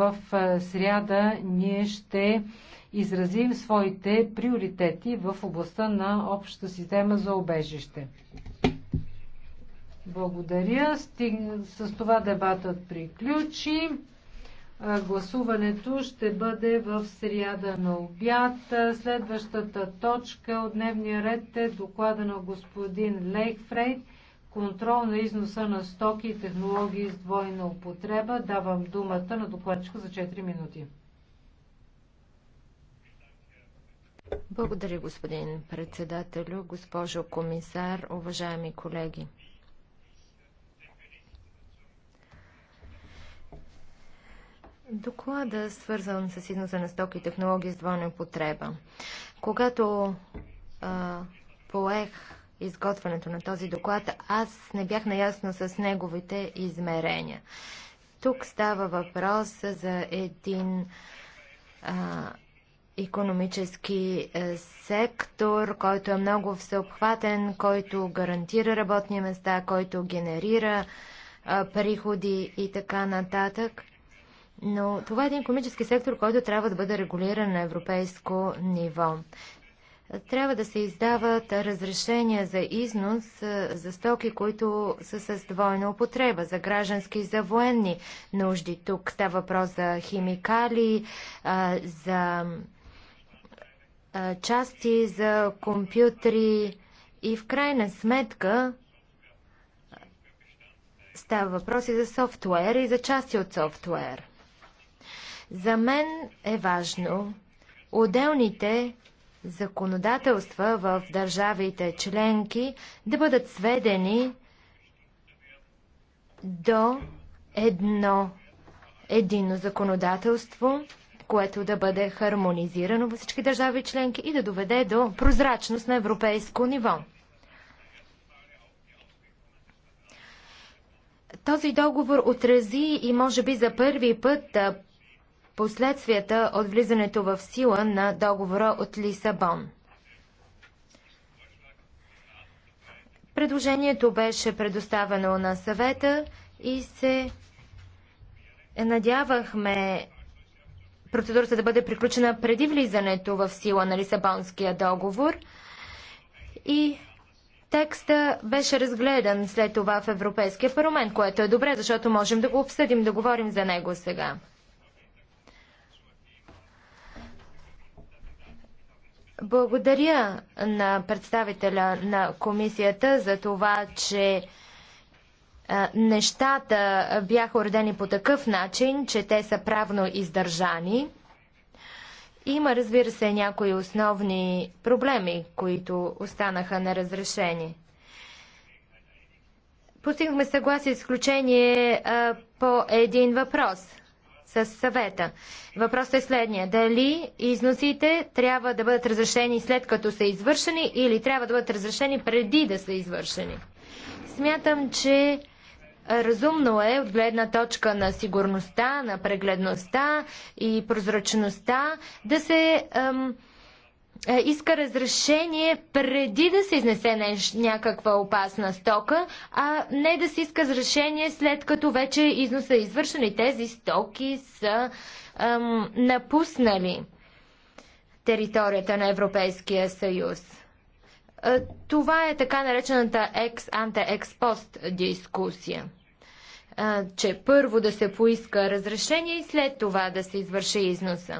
В сряда ние ще изразим своите приоритети в областта на общата система за обежище. Благодаря. С това дебатът приключи. Гласуването ще бъде в сряда на обяд. Следващата точка от дневния ред е доклада на господин Лейхфрейд контрол на износа на стоки и технологии с двойна употреба. Давам думата на докладчика за 4 минути. Благодаря, господин председателю, госпожо комисар, уважаеми колеги. Доклада свързан с износа на стоки и технологии с двойна употреба. Когато а, поех изготвянето на този доклад, аз не бях наясно с неговите измерения. Тук става въпрос за един а, економически е, сектор, който е много всеобхватен, който гарантира работни места, който генерира а, приходи и така нататък. Но това е един економически сектор, който трябва да бъде регулиран на европейско ниво. Трябва да се издават разрешения за износ е, за стоки, които са с двойна употреба, за граждански и за военни нужди. Тук става въпрос за химикали, е, за е, части, за компютри и в крайна сметка става въпрос и за софтуер и за части от софтуер. За мен е важно отделните законодателства в държавите членки да бъдат сведени до едно единно законодателство, което да бъде хармонизирано във всички държави членки и да доведе до прозрачност на европейско ниво. Този договор отрази и може би за първи път последствията от влизането в сила на договора от Лисабон. Предложението беше предоставено на съвета и се надявахме процедурата да бъде приключена преди влизането в сила на Лисабонския договор и текста беше разгледан след това в Европейския парламент, което е добре, защото можем да го обсъдим, да говорим за него сега. Благодаря на представителя на комисията за това, че нещата бяха уредени по такъв начин, че те са правно издържани. Има, разбира се, някои основни проблеми, които останаха неразрешени. Постигнахме съгласие с изключение по един въпрос с съвета. Въпросът е следния. Дали износите трябва да бъдат разрешени след като са извършени или трябва да бъдат разрешени преди да са извършени? Смятам, че разумно е от гледна точка на сигурността, на прегледността и прозрачността да се... Ам, е, иска разрешение преди да се изнесе някаква опасна стока, а не да се иска разрешение след като вече износа е извършен и тези стоки са ам, напуснали територията на Европейския съюз. Е, това е така наречената екс-анте-експост дискусия. Е, че първо да се поиска разрешение и след това да се извърши износа.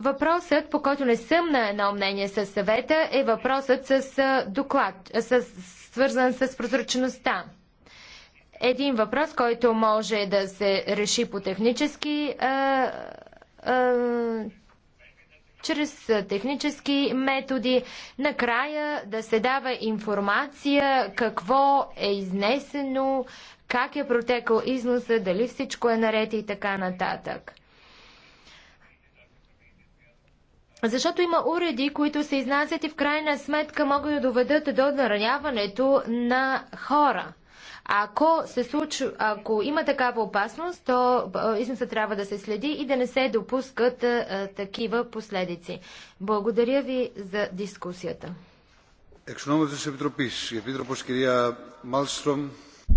Въпросът, по който не съм на едно мнение с съвета, е въпросът с доклад, с, свързан с прозрачността. Един въпрос, който може да се реши по технически а, а, чрез технически методи, накрая да се дава информация какво е изнесено, как е протекал износа, дали всичко е наред и така нататък. Защото има уреди, които се изнасят и в крайна сметка могат да доведат до нараняването на хора. Ако, се случва, ако има такава опасност, то износа трябва да се следи и да не се допускат а, такива последици. Благодаря ви за дискусията.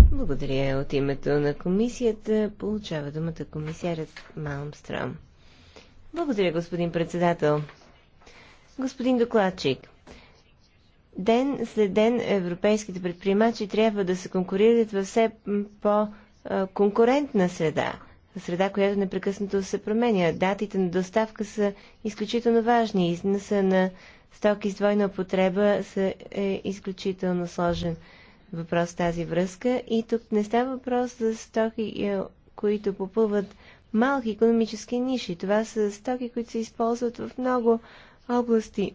Благодаря. От името на комисията получава думата комисарят Малмстром. Благодаря, господин председател. Господин докладчик, ден след ден европейските предприемачи трябва да се конкурират във все по-конкурентна среда. Среда, която непрекъснато се променя. Датите на доставка са изключително важни. Износа на стоки с двойна употреба са, е изключително сложен въпрос в тази връзка. И тук не става въпрос за стоки, е, които попълват малки економически ниши. Това са стоки, които се използват в много области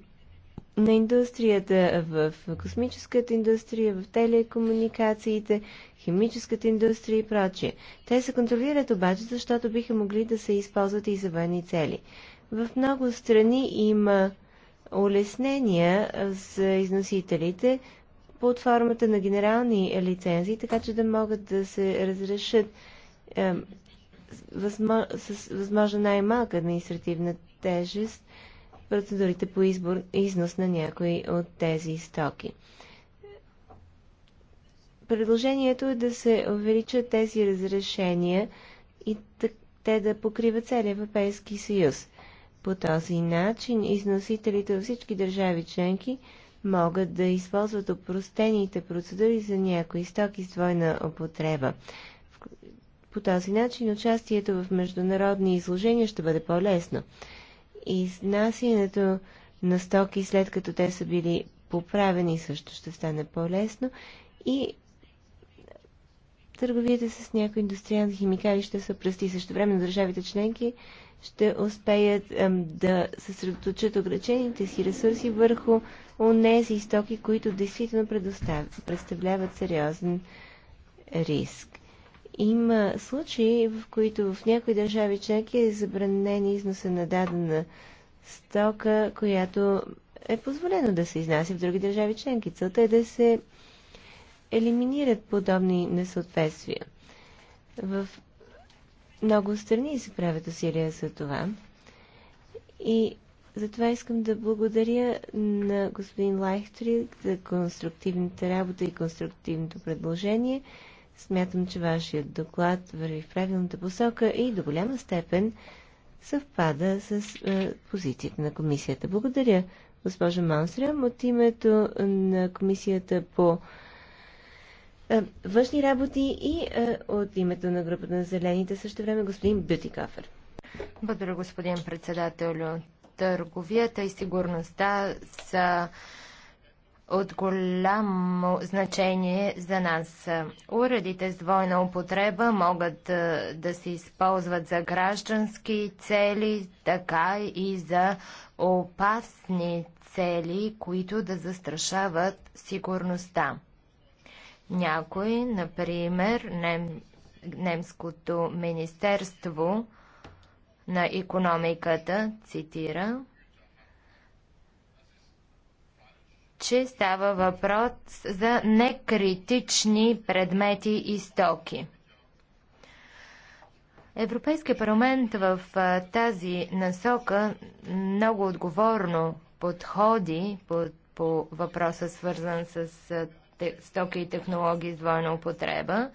на индустрията, в космическата индустрия, в телекомуникациите, химическата индустрия и прочие. Те се контролират обаче, защото биха могли да се използват и за военни цели. В много страни има улеснения за износителите под формата на генерални лицензии, така че да могат да се разрешат възмо... с възможно най-малка административна тежест процедурите по избор, износ на някои от тези стоки. Предложението е да се увеличат тези разрешения и те да покриват целия Европейски съюз. По този начин износителите от всички държави членки могат да използват опростените процедури за някои стоки с двойна употреба. По този начин участието в международни изложения ще бъде по-лесно. Изнасянето на стоки, след като те са били поправени, също ще стане по-лесно и търговията с някои индустриални химикали ще се пръсти. Също време на държавите членки ще успеят ем, да съсредоточат ограничените си ресурси върху онези стоки, които действително представляват сериозен риск. Има случаи, в които в някои държави членки е забранен износа на дадена стока, която е позволено да се изнася в други държави членки. Целта е да се елиминират подобни несъответствия. В много страни се правят усилия за това. И затова искам да благодаря на господин Лайхтрик за конструктивната работа и конструктивното предложение. Смятам, че вашият доклад върви в правилната посока и до голяма степен съвпада с е, позицията на комисията. Благодаря, госпожа Монстрем, От името на комисията по е, външни работи и е, от името на групата на зелените също време господин Бютикафер. Благодаря, господин председател. Търговията и сигурността са от голямо значение за нас. Уредите с двойна употреба могат да се използват за граждански цели, така и за опасни цели, които да застрашават сигурността. Някой, например, нем... немското министерство на економиката, цитира, че става въпрос за некритични предмети и стоки. Европейския парламент в тази насока много отговорно подходи по, по въпроса, свързан с стоки и технологии с двойна употреба.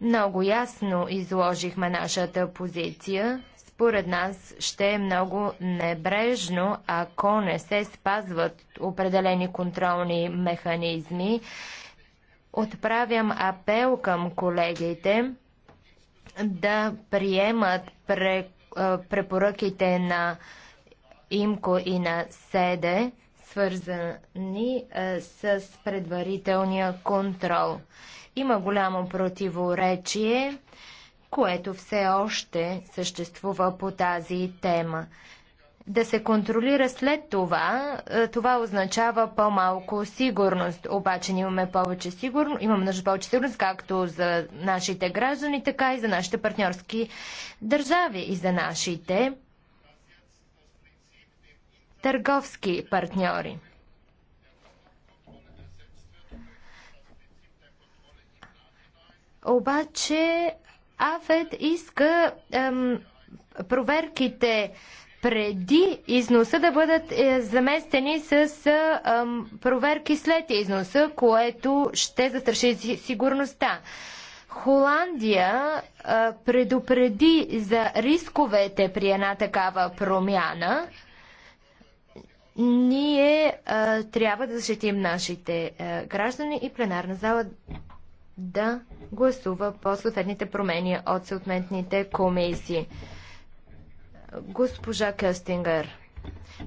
Много ясно изложихме нашата позиция според нас ще е много небрежно, ако не се спазват определени контролни механизми. Отправям апел към колегите да приемат препоръките на ИМКО и на СЕДЕ, свързани с предварителния контрол. Има голямо противоречие което все още съществува по тази тема. Да се контролира след това, е, това означава по-малко сигурност. Обаче ние имаме повече сигурност, имаме нужда повече сигурност както за нашите граждани, така и за нашите партньорски държави и за нашите търговски партньори. Обаче АФЕД иска ем, проверките преди износа да бъдат е, заместени с е, проверки след износа, което ще застраши сигурността. Холандия е, предупреди за рисковете при една такава промяна. Ние е, трябва да защитим нашите е, граждани и пленарна зала да гласува по съответните промени от съответните комисии. Госпожа Кестингър.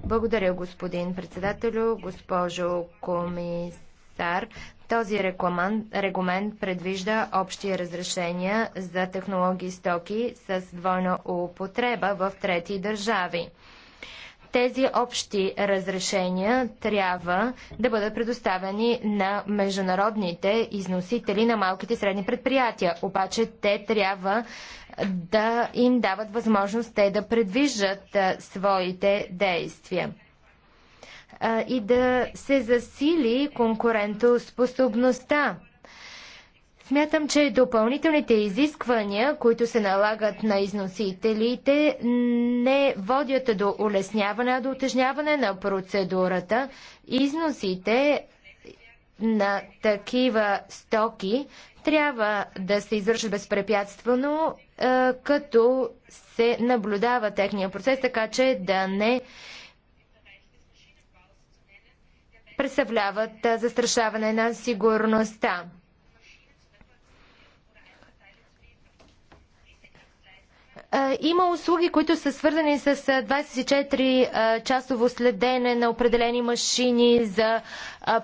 Благодаря, господин председателю, госпожо комисар. Този регламент предвижда общи разрешения за технологии стоки с двойна употреба в трети държави. Тези общи разрешения трябва да бъдат предоставени на международните износители на малките и средни предприятия. Обаче те трябва да им дават възможност те да предвиждат своите действия и да се засили конкурентоспособността Смятам, че допълнителните изисквания, които се налагат на износителите, не водят до улесняване, а до утежняване на процедурата. Износите на такива стоки трябва да се извършат безпрепятствено, е, като се наблюдава техния процес, така че да не представляват е, застрашаване на сигурността. Е, има услуги, които са свързани с 24-часово е, е, следене на определени машини за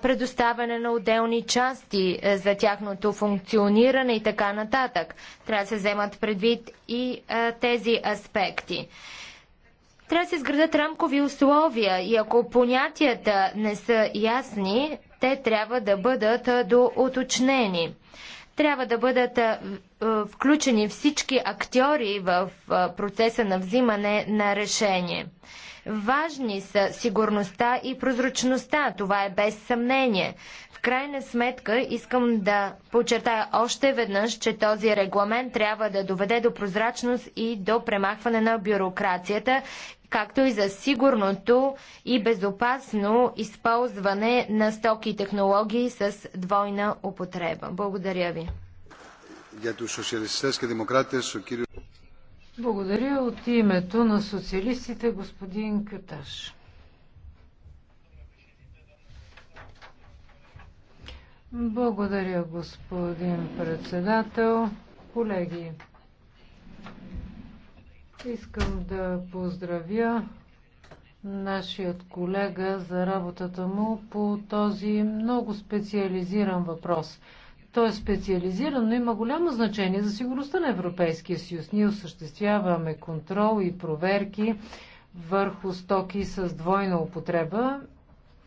предоставяне на отделни части за тяхното функциониране и така нататък. Трябва да се вземат предвид и тези аспекти. Трябва да се изградат рамкови условия и ако понятията не са ясни, те трябва да бъдат доуточнени. Трябва да бъдат включени всички актьори в процеса на взимане на решение. Важни са сигурността и прозрачността, това е без съмнение. В крайна сметка искам да подчертая още веднъж, че този регламент трябва да доведе до прозрачност и до премахване на бюрокрацията както и за сигурното и безопасно използване на стоки и технологии с двойна употреба. Благодаря ви. Благодаря от името на социалистите господин Каташ. Благодаря, господин председател. Колеги, Искам да поздравя нашият колега за работата му по този много специализиран въпрос. Той е специализиран, но има голямо значение за сигурността на Европейския съюз. Ние осъществяваме контрол и проверки върху стоки с двойна употреба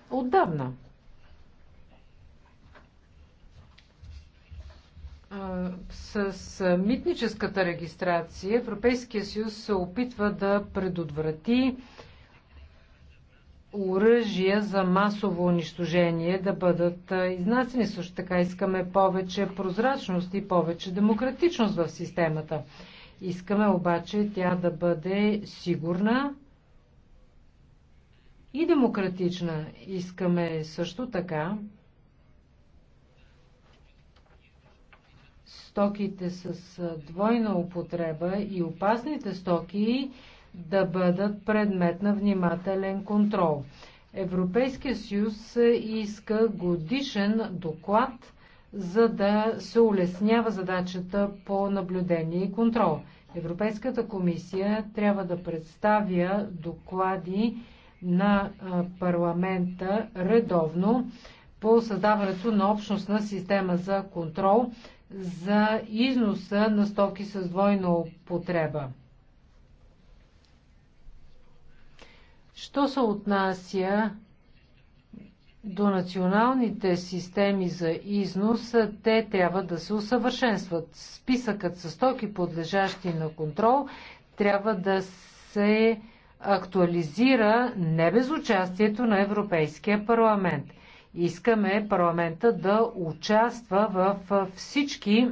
отдавна. С митническата регистрация Европейския съюз се опитва да предотврати оръжия за масово унищожение да бъдат изнасени. Също така искаме повече прозрачност и повече демократичност в системата. Искаме обаче тя да бъде сигурна и демократична. Искаме също така стоките с двойна употреба и опасните стоки да бъдат предмет на внимателен контрол. Европейския съюз иска годишен доклад, за да се улеснява задачата по наблюдение и контрол. Европейската комисия трябва да представя доклади на парламента редовно по създаването на общностна система за контрол, за износа на стоки с двойна употреба. Що се отнася до националните системи за износ, те трябва да се усъвършенстват. Списъкът с стоки, подлежащи на контрол, трябва да се актуализира не без участието на Европейския парламент – Искаме парламента да участва в всички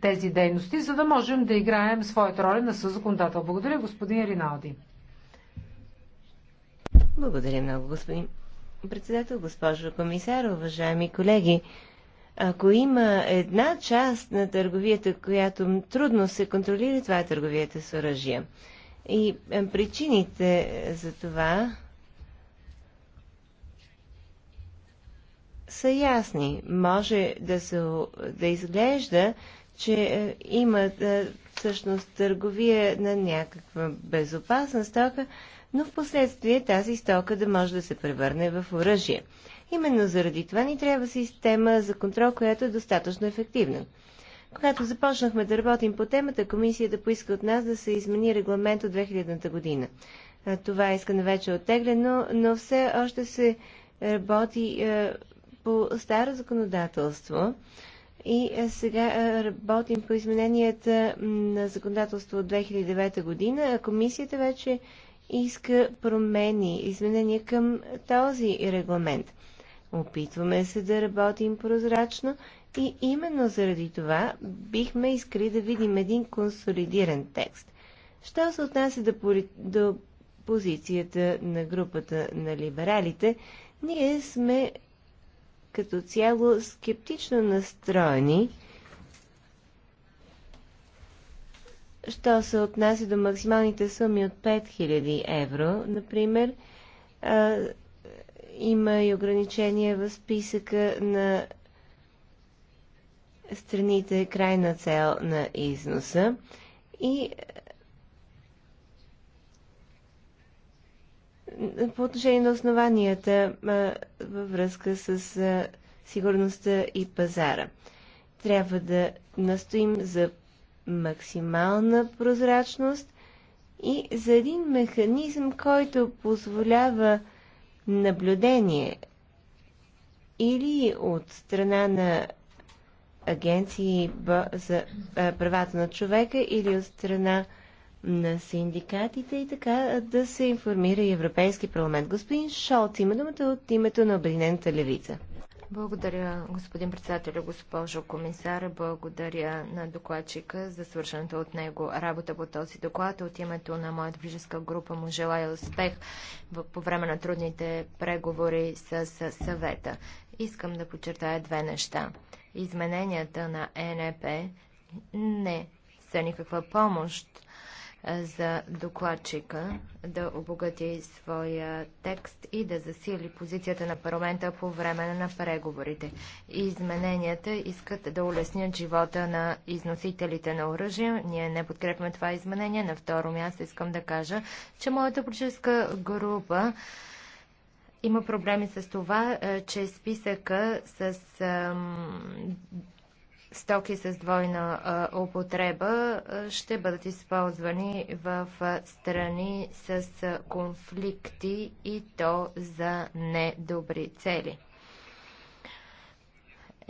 тези дейности, за да можем да играем своята роля на съзаконодател. Благодаря, господин Риналди. Благодаря много, господин председател, госпожо комисар, уважаеми колеги. Ако има една част на търговията, която трудно се контролира, това е търговията с оръжия. И е, причините за това са ясни. Може да, се, да изглежда, че е, има е, всъщност търговия на някаква безопасна стока, но в последствие тази стока да може да се превърне в оръжие. Именно заради това ни трябва система за контрол, която е достатъчно ефективна. Когато започнахме да работим по темата, комисията поиска от нас да се измени регламент от 2000-та година. Това искане вече оттеглено, но все още се работи е, по старо законодателство и е, сега е, работим по измененията на законодателство от 2009 година, а комисията вече иска промени, изменения към този регламент. Опитваме се да работим прозрачно и именно заради това бихме искали да видим един консолидиран текст. Що се отнася до, поли... до позицията на групата на либералите, ние сме като цяло скептично настроени, що се отнася до максималните суми от 5000 евро, например, а, има и ограничения в списъка на страните крайна цел на износа и По отношение на основанията във връзка с сигурността и пазара. Трябва да настоим за максимална прозрачност и за един механизъм, който позволява наблюдение или от страна на агенции за правата на човека или от страна на синдикатите и така да се информира и Европейски парламент. Господин Шолт има думата от името на Обединената левица. Благодаря, господин председател, госпожо комисар. Благодаря на докладчика за свършената от него работа по този доклад. От името на моята ближеска група му желая успех по време на трудните преговори с съвета. Искам да подчертая две неща. Измененията на НП не са никаква помощ за докладчика да обогати своя текст и да засили позицията на парламента по време на преговорите. Измененията искат да улеснят живота на износителите на оръжие. Ние не подкрепяме това изменение. На второ място искам да кажа, че моята политическа група има проблеми с това, че списъка с стоки с двойна а, употреба ще бъдат използвани в страни с конфликти и то за недобри цели.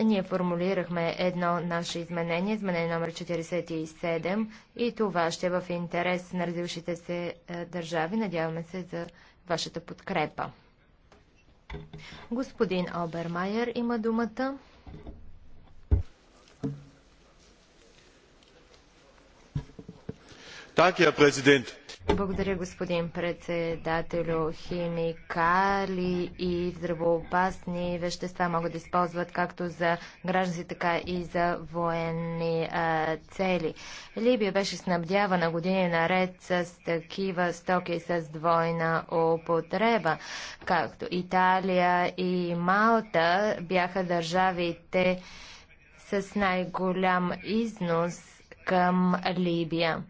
Ние формулирахме едно наше изменение, изменение номер 47 и това ще е в интерес на развившите се държави. Надяваме се за вашата подкрепа. Господин Обермайер има думата. Благодаря, господин председателю. Химикали и здравоопасни вещества могат да използват както за граждани, така и за военни а, цели. Либия беше снабдявана години наред с такива стоки с двойна употреба, както Италия и Малта бяха държавите с най-голям износ към Либия.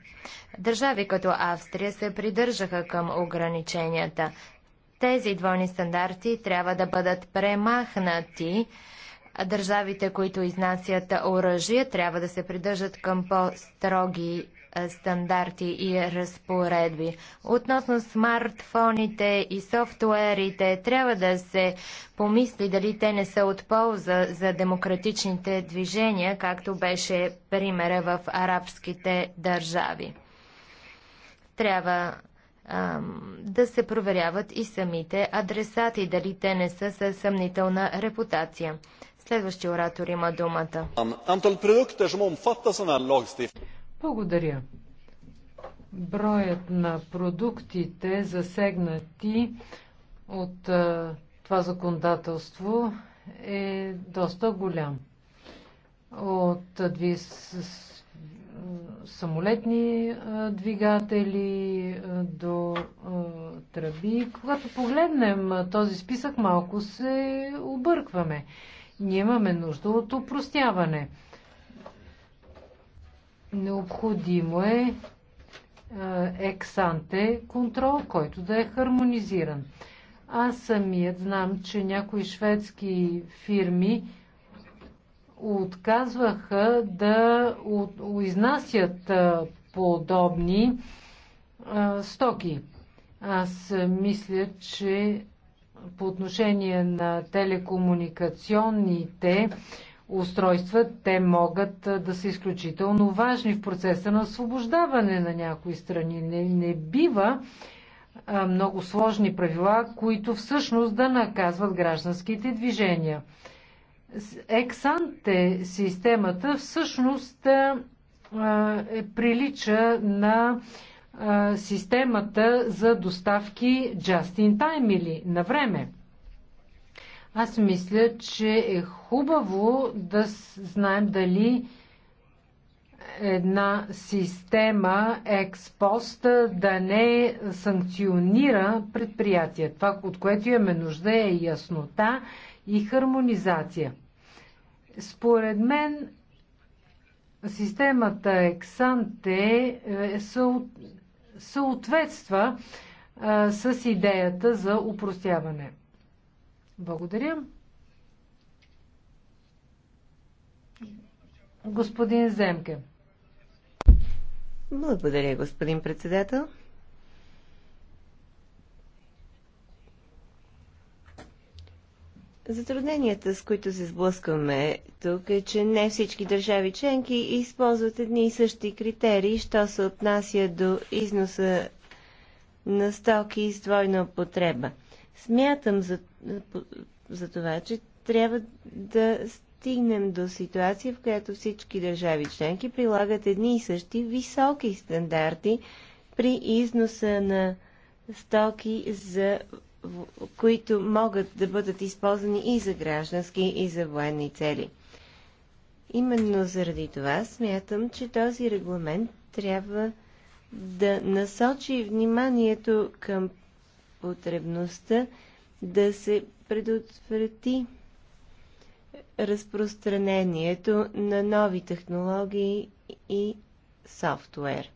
Държави като Австрия се придържаха към ограниченията. Тези двойни стандарти трябва да бъдат премахнати. Държавите, които изнасят оръжие, трябва да се придържат към по-строги е, стандарти и разпоредби. Относно смартфоните и софтуерите, трябва да се помисли дали те не са от полза за демократичните движения, както беше примера в арабските държави. Трябва да се проверяват и самите адресати, дали те не са със съмнителна репутация. Следващия оратор има думата. Благодаря. Броят на продуктите засегнати от това законодателство е доста голям. От самолетни двигатели, до тръби. Когато погледнем този списък, малко се объркваме. Ние имаме нужда от упростяване. Необходимо е ексанте контрол, който да е хармонизиран. Аз самият знам, че някои шведски фирми отказваха да изнасят подобни стоки. Аз мисля, че по отношение на телекомуникационните устройства, те могат да са изключително важни в процеса на освобождаване на някои страни. Не, не бива много сложни правила, които всъщност да наказват гражданските движения. Ексанте системата всъщност е, прилича на системата за доставки just in time или на време. Аз мисля, че е хубаво да знаем дали една система експост да не санкционира предприятия. Това, от което имаме нужда е яснота. Да, и хармонизация. Според мен системата Ексанте е, съответства е, с идеята за упростяване. Благодаря. Господин Земке. Благодаря, господин председател. Затрудненията, с които се сблъскваме тук е, че не всички държави членки използват едни и същи критерии, що се отнася до износа на стоки с двойна употреба. Смятам за, за това, че трябва да стигнем до ситуация, в която всички държави членки прилагат едни и същи високи стандарти при износа на стоки за които могат да бъдат използвани и за граждански, и за военни цели. Именно заради това смятам, че този регламент трябва да насочи вниманието към потребността да се предотврати разпространението на нови технологии и софтуер.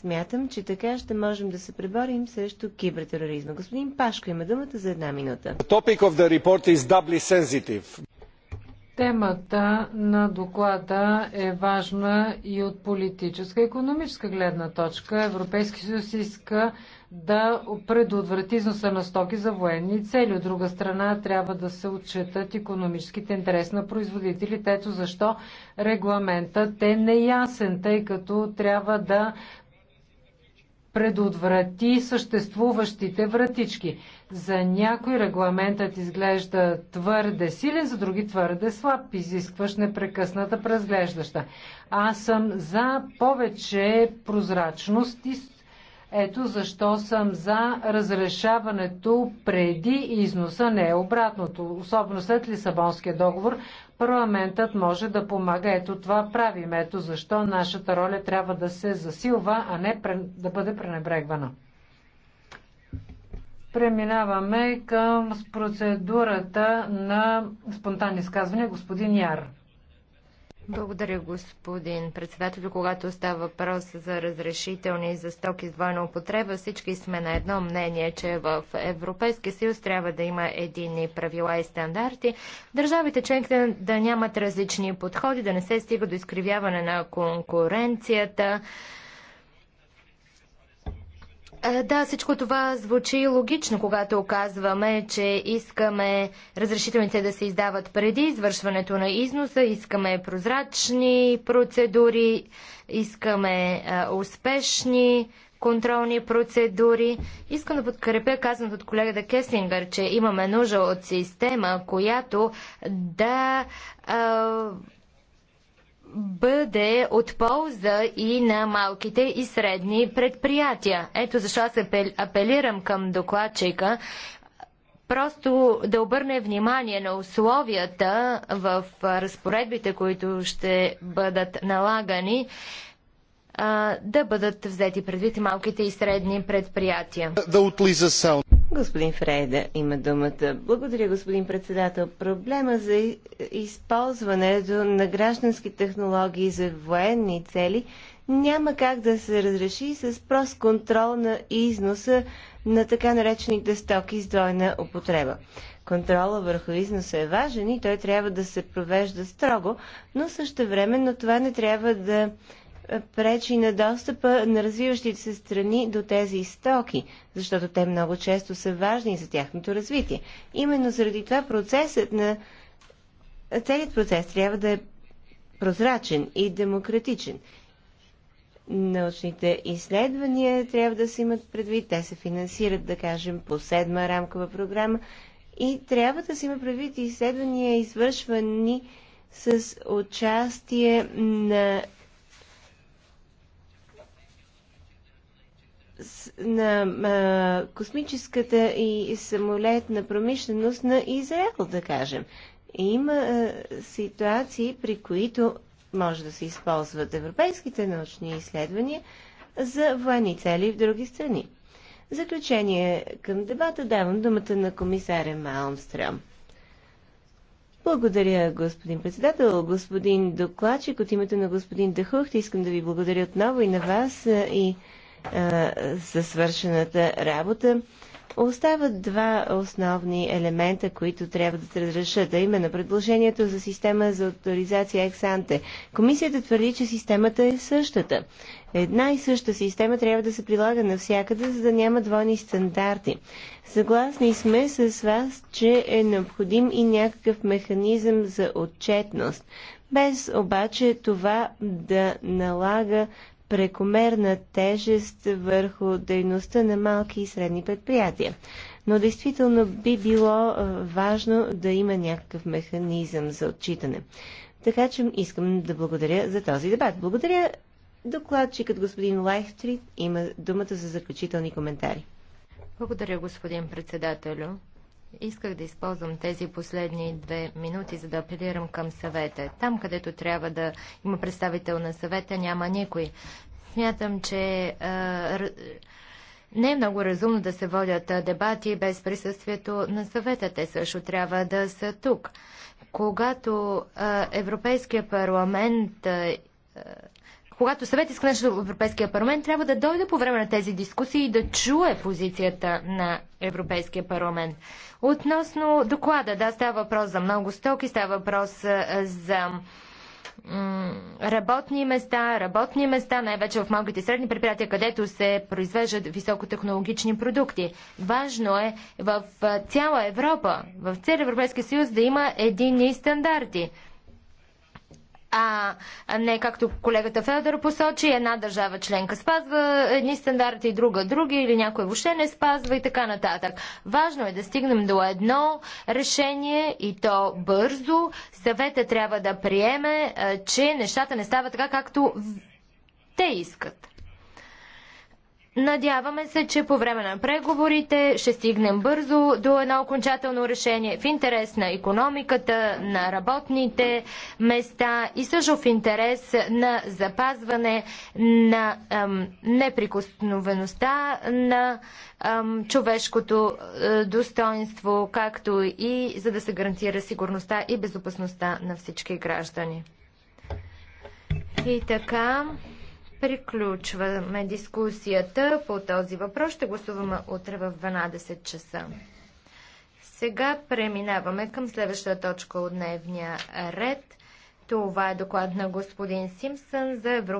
Смятам, че така ще можем да се преборим срещу кибертероризма. Господин Пашко има думата за една минута. Темата на доклада е важна и от политическа и економическа гледна точка. Европейски съюз иска да предотврати износа на стоки за военни цели. От друга страна трябва да се отчитат економическите интерес на производителите. Ето защо регламентът е неясен, тъй като трябва да предотврати съществуващите вратички. За някой регламентът изглежда твърде силен, за други твърде слаб, изискваш непрекъсната презглеждаща. Аз съм за повече прозрачност и ето защо съм за разрешаването преди износа, не е обратното. Особено след Лисабонския договор Парламентът може да помага. Ето това правим. Ето защо нашата роля трябва да се засилва, а не да бъде пренебрегвана. Преминаваме към процедурата на спонтанни изказвания. Господин Яр. Благодаря, господин председател. Когато става въпрос за разрешителни за стоки с двойна употреба, всички сме на едно мнение, че в Европейския съюз трябва да има единни правила и стандарти. Държавите членки да нямат различни подходи, да не се стига до изкривяване на конкуренцията. Е, да, всичко това звучи логично, когато казваме, че искаме разрешителните да се издават преди извършването на износа, искаме прозрачни процедури, искаме а, е, успешни контролни процедури. Искам да подкрепя казаното от колегата Кесингър, че имаме нужда от система, която да а, е, бъде от полза и на малките и средни предприятия. Ето защо аз апелирам към докладчика просто да обърне внимание на условията в разпоредбите, които ще бъдат налагани, да бъдат взети предвид малките и средни предприятия. Господин Фрейда има думата. Благодаря, господин председател. Проблема за използването на граждански технологии за военни цели няма как да се разреши с прост контрол на износа на така наречените стоки с двойна употреба. Контрола върху износа е важен и той трябва да се провежда строго, но времено това не трябва да пречи на достъпа на развиващите се страни до тези стоки, защото те много често са важни за тяхното развитие. Именно заради това процесът на целият процес трябва да е прозрачен и демократичен. Научните изследвания трябва да се имат предвид, те се финансират, да кажем, по седма рамкова програма и трябва да се има предвид изследвания, извършвани с участие на на космическата и самолетна промишленост на Израел, да кажем. Има ситуации, при които може да се използват европейските научни изследвания за военни цели в други страни. В заключение към дебата давам думата на комисаря Малмстрем. Благодаря, господин председател. Господин докладчик, от името на господин Дахухт искам да ви благодаря отново и на вас и за свършената работа. Остават два основни елемента, които трябва да се разрешат, а именно предложението за система за авторизация ексанте. Комисията твърди, че системата е същата. Една и съща система трябва да се прилага навсякъде, за да няма двойни стандарти. Съгласни сме с вас, че е необходим и някакъв механизъм за отчетност, без обаче това да налага прекомерна тежест върху дейността на малки и средни предприятия. Но действително би било важно да има някакъв механизъм за отчитане. Така че искам да благодаря за този дебат. Благодаря докладчикът господин Лайфтрид има думата за заключителни коментари. Благодаря, господин председателю. Исках да използвам тези последни две минути, за да апелирам към съвета. Там, където трябва да има представител на съвета, няма никой. Смятам, че а, не е много разумно да се водят дебати без присъствието на съвета. Те също трябва да са тук. Когато а, Европейския парламент а, когато съвет иска нещо в Европейския парламент, трябва да дойде по време на тези дискусии и да чуе позицията на Европейския парламент. Относно доклада, да, става въпрос за много стоки, става въпрос за работни места, работни места, най-вече в малките и средни предприятия, където се произвеждат високотехнологични продукти. Важно е в цяла Европа, в цял Европейски съюз да има единни стандарти а не както колегата Федор посочи, една държава членка спазва едни стандарти, друга други или някой въобще не спазва и така нататък. Важно е да стигнем до едно решение и то бързо. Съвета трябва да приеме, че нещата не стават така, както те искат. Надяваме се, че по време на преговорите ще стигнем бързо до едно окончателно решение в интерес на економиката, на работните места и също в интерес на запазване на ем, неприкосновеността на ем, човешкото е, достоинство, както и за да се гарантира сигурността и безопасността на всички граждани. И така. Приключваме дискусията по този въпрос. Ще гласуваме утре в 12 часа. Сега преминаваме към следващата точка от дневния ред. Това е доклад на господин Симпсън за Европа.